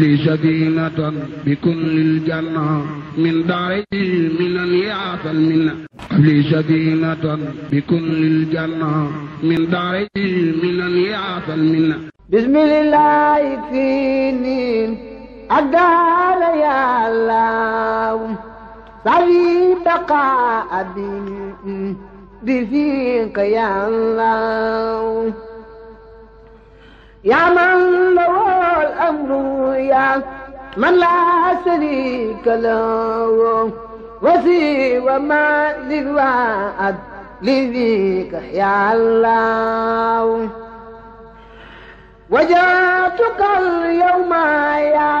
li sadinatan bi kullil janna min daari minan yaatal minna li sadinatan bi kullil janna min daari minan yaatal minna bismillahi finin agala yàllaw sawi baqa abin bi fiika yàllaw yaa man law الأمر يا من لا شريك له وسوى ما للوعد لذيك يا الله وجاتك اليوم يا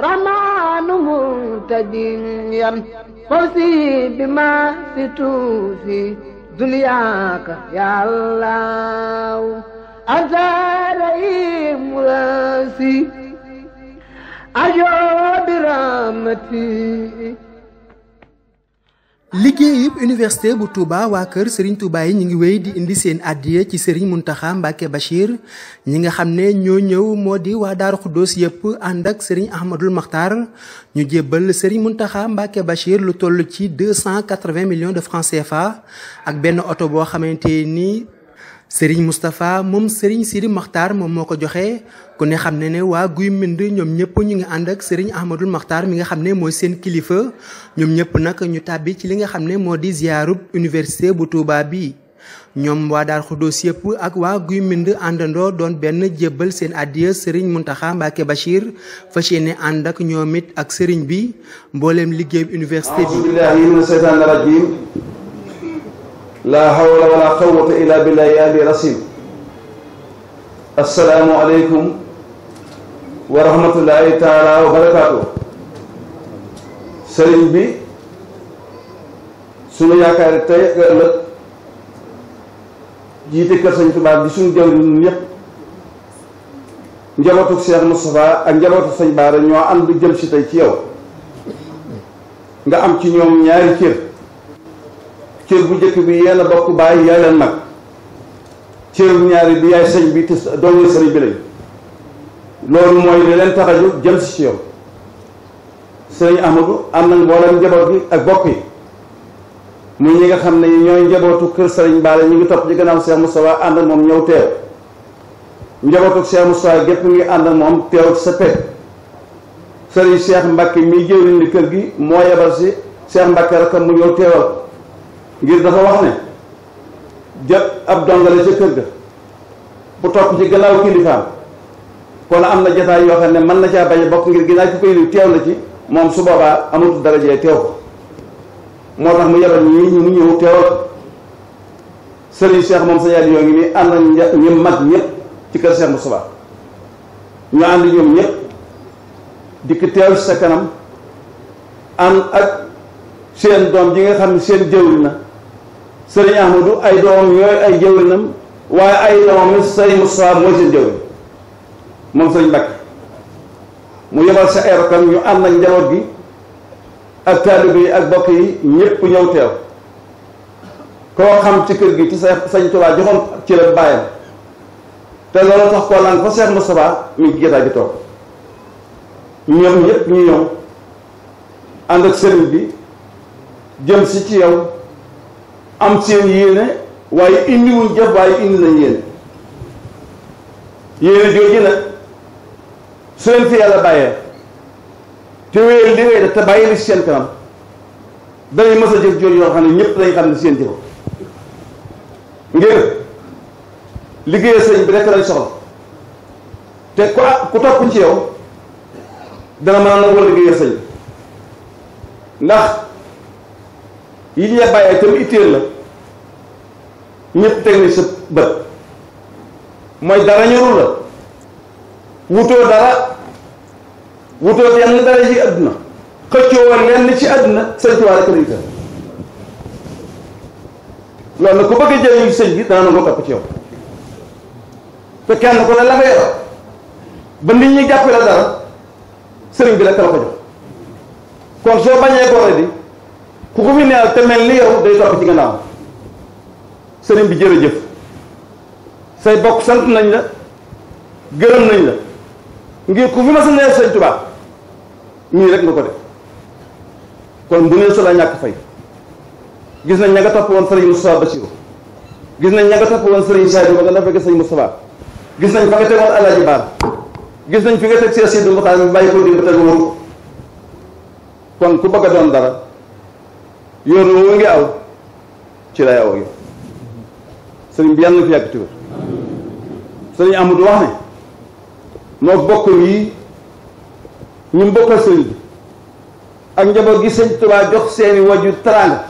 رمان منتديا فوزي بما ستوفي دنياك يا الله أنت رئيم راسي ajoo biramati université bu Touba waa kër Serigne Touba yi ñu ngi wéy di indi seen addiya ci Serigne Mountakha Mbacké Bachir ñi nga xam ne ñoo ñëw moo di waa Daaru Xuddoos yëpp ànd ak Serigne Ahmadul Maxtar ñu jébbal Serigne Mountakha Mbacké Bachir lu toll ci deux cent quatre-vingts de francs CFA ak benn oto boo xamante nii Serigne Moustapha moom sëriñ Sidi Maxtaar moom moo ko joxe ku ne xam ne ne waa Guy Mbind ñoom ñëpp ñu ngi ànd ak Serigne Ahmadul Maxtaar mi nga xam ne mooy seen kilifa ñoom ñëpp nag ñu tàbbi ci li nga xam ne moo di ziarub université bu Touba bi ñoom waa daal Xudoos yëpp ak waa Guy Mbind àndandoo doon benn jébbal seen addiya sëriñ Mountakha Mbacké Bachir fas yéene ànd ak ñoom it ak sëriñ bi mbooleem liggéeyub université bi. laa hawla wala qawwata illa billahi ali rasim assalaamu aleykum wa taala wa barakaatu bi suñu yaakaar tey ak ëllëg jiite kër Sëriñ Tuubaa bi suñu jaww ñun ñëpp njabootu Cheikh Moustapha ak njabootu Sëriñ Baara ñoo ànd jëm si tey ci yow nga am ci ñoom ñaari cër cër bu njëkk bi yéen a bokk bàyyi yaa leen mag cër ñaari bi yaay sëñ bi te doomu sëriñ bi lañ loolu mooy li leen tax a si si yow sëriñ Amadou am na mboolem njaboot bi ak bokk yi muy ñi nga xam ne ñooy njabootu kër sëriñ Baale ñu ngi topp ci gannaaw Cheikh Moustapha ànd ak moom ñëw teew njabootu Cheikh Moustapha gépp ngi ànd moom teew sa pet sëriñ Cheikh Mbacke mi jëwriñ ni kër gi moo yebal si Cheikh Mbacke rakam mu ñëw teewal ngir dafa wax ne jot ab dongale ca kër ga bu topp ci gannaaw kilifaam kon am na jataay yoo xam ne mën na caa bañ a bokk ngir ginnaaw ki koy teew na ci moom su boobaa amatul darajee teew ko moo tax mu yebal ñi ñu mu ñëw teewal ko sëriñ Cheikh moom sañaat yoo ngi nii ànd nañ ñu mag ñëpp ci kër Cheikh Moustapha ñu ànd ñoom ñëpp dikk teew ci sa kanam ànd ak seen doom ji nga xam ne seen jëwri na sëriñ Ahmadu ay doomam yooyu ay jëwrinam waaye ay doomam it sëriñ Mustafaa mooy seen jëwrin moom sëriñ Mbàkke mu yebal sa ay rakkam ñu ànd ak njaboot gi ak taalibe yi ak bokk yi ñépp ñëw teew koo xam ci kër gi ci sa sañ Tuubaa joxoon ci la bàyyam te loolu tax ko lan fa seet Mustafaa mi ngi gétaay bi toog ñoom ñépp ñu ñëw ànd ak sëriñ bi jëm si ci yow am seen yéene waaye indiwuñ jëf waaye indi nañ yéene yéene jooju nag su leen fi yàlla bàyyee te wéyal li ngay te bàyyi li si seen kanam danañ mës jëf jooju yoo xam ne ñëpp dañ xam ne seen jëfa ngir liggéey sëñ bi rek lañ soxla te ku ku topp ci yow dana mën a nangoo liggéey sëñ ndax yi ñu la bàyyee tam itteel la ñëpp teg nañ sa bët mooy dara ñorul la wutoo dara wutoo yenn dara ji àdduna xëccoo woon lenn ci àdduna sëñ Tuubaa rek lañ tënk loolu nag ku bëgg a jëriñu sëñ bi dana nangoo topp ci yow te kenn ku ne la nga ba nit ñi jàppee la dara sëriñ bi la ka la kon soo bañee gore di ku ko fi neexal te mel ni yow day topp ci gannaaw sëriñ bi jërëjëf say bokk sant nañ la gërëm nañ la ngir ku fi ma sa nee sëñ Tuubaa mii rek nga ko de kon bu nee sa la ñàkk fay gis nañ ña nga topp woon sëriñ Moustapha Bassirou gis nañ ña nga topp woon sëriñ Sadio ba nga dafa fekk sëriñ gis nañ fa nga tegoon gis nañ fi nga teg seesi du mbaxaar bi bàyyi ko di ba tegu kon ku bëgg a doon dara yoon ngi aw ci lay aw ak yow sëriñ bi yàlla na fi yàgg tiwér sëriñ Amadou wax ne noo bokkam yi ñu bokkal sëriñ bi ak njaboot gi sëñ Tuubaa jox seeni wajur teraanga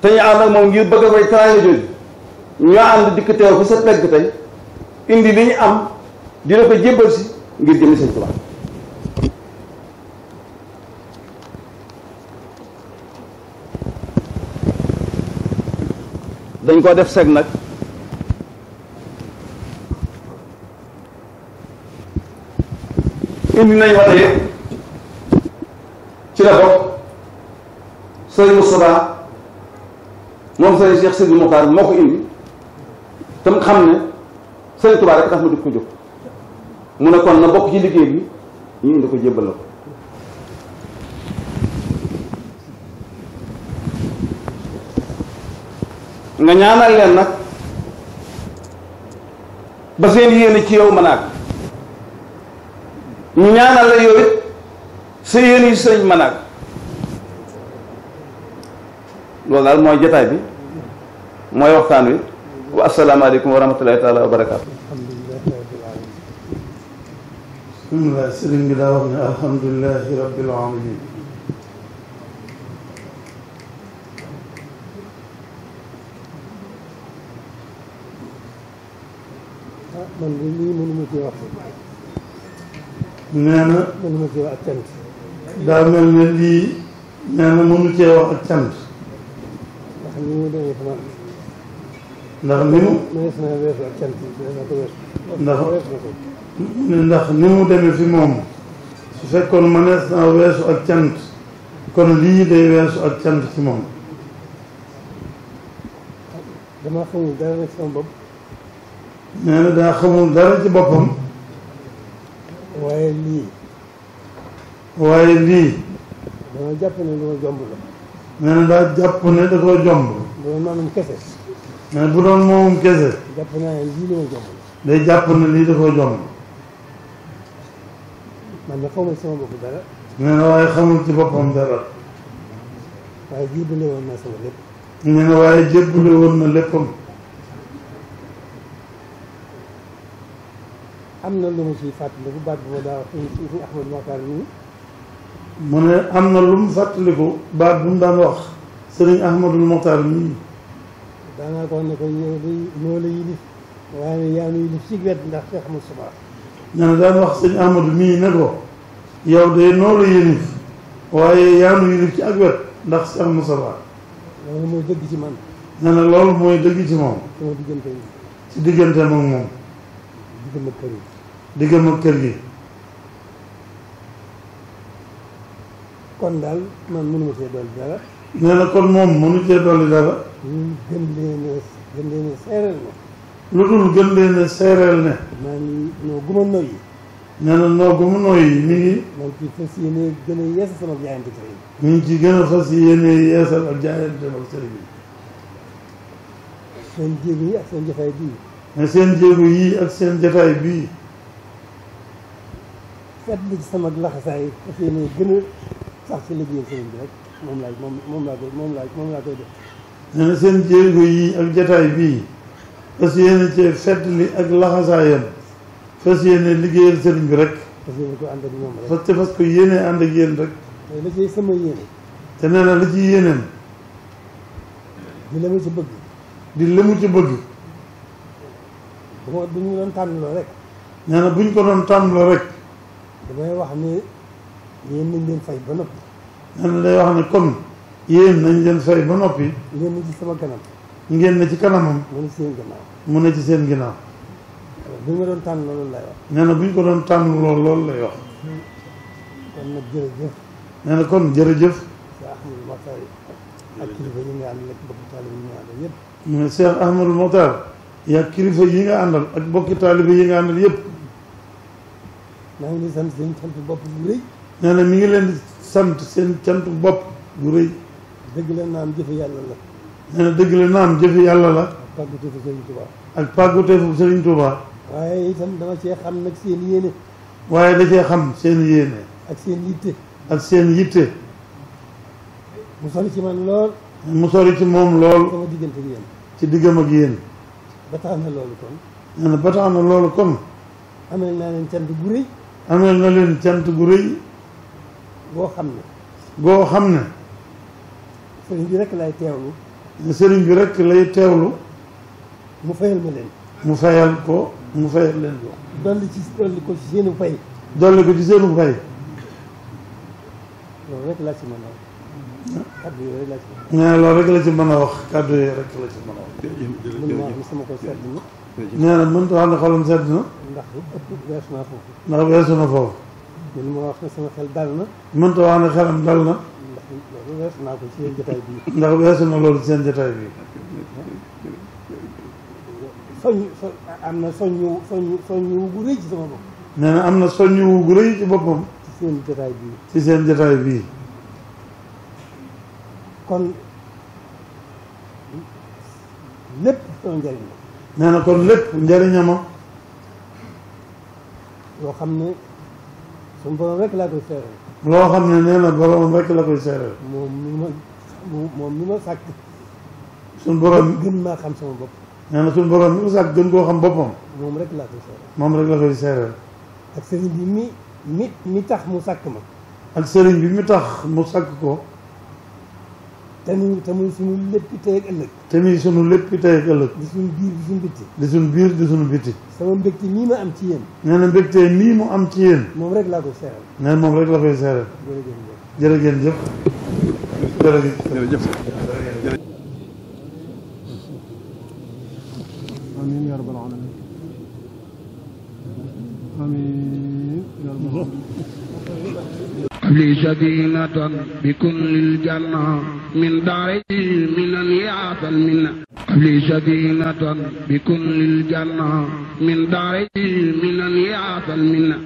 te ñu ànd moom ngir bëgg a fay teraanga jooju ñoo ànd dikk teew fi sa pegg tey indi li ñu am di la ko jébbal si ngir jëmi sëñ Tuubaa dañ koo def seg nag indi nañu wate yëpp ci la bokk sëriñ Moustapha moom sëriñ Cheikh Sidi Mokhtar moo ko indi te mu xam ne sëriñ Touba rek tax ma dugg ko jóg mu ne kon na bokk ci liggéey bi ñu indi ko jébbal la ko nga ñaanal leen nag ba seen yéene ci yow mën a ñu ñaanal la yooyu sa mooy jotaay bi mooy waxtaan wi wa asalaamaaleykum wa rahmatulahi taala wa barakaatu nee na. mënu ma cee wax lii nee na ak cant. ndax ni mu demee fa man. ni mu. mënees naa weesu ak fi moom. su fekkoon mënees naa weesu ak cant. kon lii day weesu ak cant ci moom. dama daa xamul dara ci boppam. waaye lii. waaye lii. dama jàpp ne lu ma jomb la. nee na daa jàpp ne da koo jomb. bu doon maanaam kese. jàpp naa ne lii lu ma jomb la. day jàpp ne lii da koo jomb. man de xaw ma ci sama bopp dara. nee waaye xamul ci boppam dara. waaye jébbale woon naa sama lépp. nee na waaye jébbale woon na léppam. am na lu mu ciy fàttaliku baat bu ma daa wax suñu Ahmad Maxtaar mii mu ne am na lu mu fàttaliku baat bu mu daan wax sëriñ Ahmadul Maxtaar mii daanaa ko wax ne ko yow de ñoo la yilif waaye yaa ngi yilif ci wet ndax Cheikh Moustapha nee na daan wax sëñ Ahmadu mii ne ko yow de noo la yilif waaye yaa ngi yilif ci ak wet ndax Cheikh Moustapha loolu mooy dëgg ci man nee na loolu mooy dëgg ci moom sama diggante ci diggante moom moom diggante kër yi diggam ak kër gi kon daal man mënuma cee dolli dara nee kon moom mënu cee dolli dara hmm, gën leen a gën leen a seereel ne lu dul gën leen a seereel ne maa ngi noo guma noyyi nee na noo guma noyyi mi ngi maa ngi ci fas yéene gën a yeesal sama jaayante sëriñ mi ngi ci gën a fas yéene yeesal ak jaayante ak sëriñ seen jéego yi ak seen jataay bii seen jéego yi ak seen jataay bii fedd li ci sama laxasaay fas yéene gën a sax ci liggéey sëriñ bi rek moom laay moom laa koy moom laa moom laa koy def nee na seen jéego yi ak jataay bii fas yéene cee fedd li ak laxasaayam fas yéene liggéeyal sëriñ bi rek fas yéene ko ànd ak ñoom rek fas te fas ko yéene ci sama yéene te nee na ci yéeneem di la mu ci bëgg di la ci bëgg bu ñu doon tànnloo ñu ko doon tànnloo rek damay wax ni yéen nañ leen fay ba noppi. nan lay wax ni comme yéen nañ leen fay ba noppi. ngeen na ci sama kanam. ngeen na ci kanamam. mu ne ci seen ginnaaw. mu ci seen ginnaaw. bu ñu ko doon tànn loolu lay wax. nee bu ñu ko doon tànn loolu loolu lay wax. kon nag jërëjëf. nee na kon jërëjëf. ak kilifa yi nga àndal ak bokki taalibe yi yi nga àndal ak bokki taalibe yi yëpp. maa ngi leen di sant seen cant bopp bu rëy. nee na mi ngi leen di sant seen cant bopp bu rëy. dëgg la naam jëfe yàlla la. nee na dëgg la naam jëfe yàlla la. ak pàgguteefu Serigne Touba. ak pàgguteefu Serigne Touba. waaye itam dama cee xam nag seen yéene. waaye da cee xam seen yéene. ak seen yitte. ak seen yitte. mu sori ci man lool. mu sori ci moom lool. diggante ak yéen. ci diggam ak yéen. ba tax na loolu kon. nee na ba tax loolu kon. amel naa leen cant bu rëy. amel na leen cant gu rëy goo xam ne goo xam ne sëriñ bi rekk lay teewlu ne bi rekk lay teewlu mu fayal ma leen mu fayal ko mu fayal leen ko dolli ci dolli ko ci seenu fay dolli ko ci seenu fay loolu laa ci mën a wax kàddu yooyu laa a loolu rek la ci man a wax kàddu yooyu rek la ci mën a wax mën naa sama ko sedd na mënta wax ne xolam sedd na weesu naa foofu. ndax weesu na foofu. mën ma wax ne sama xel dal na. mënta wax ne xelam dal na. ndax loolu weesu naa ko ci seen jotaay bii. na so am soññu soññu soññu rëy ci sama bopp. nee na am na soññu wu rëy ci boppam. ci seen jotaay bii. ci seen jotaay bii. kon lépp sama loo xam ne suñu borom rek laa koy seeral. loo xam ne nee na borom rek la koy seeral. moom mi ma moom mi ma sàkk. suñu borom gën maa xam sama bopp. nee na suñu borom mi ma gën koo xam boppam. moom rek laa la koy seeral. ak sëriñ bi mi mi mi tax mu sàkk ma. ak sëriñ bi mi tax mu sàkk ko. te muy te muy sunu léppi tey ak ëllëg. te muy sunu léppi tey ak ëllëg. di sunu biir di sunu biir di sunu bitti. sama mbégte am ci yéen. nee na mu am ci yéen. moom rek rek la koy seeral. jërëjëf jërëjëf. jërëjëf jërëjëf. amiin yaa rabbal aalamiin amiin yaa rabbal aalamiin li sadinatan bi kullil janna min daari minan yaatal minna li sadinatan bi kullil janna min daari minan yaatal minna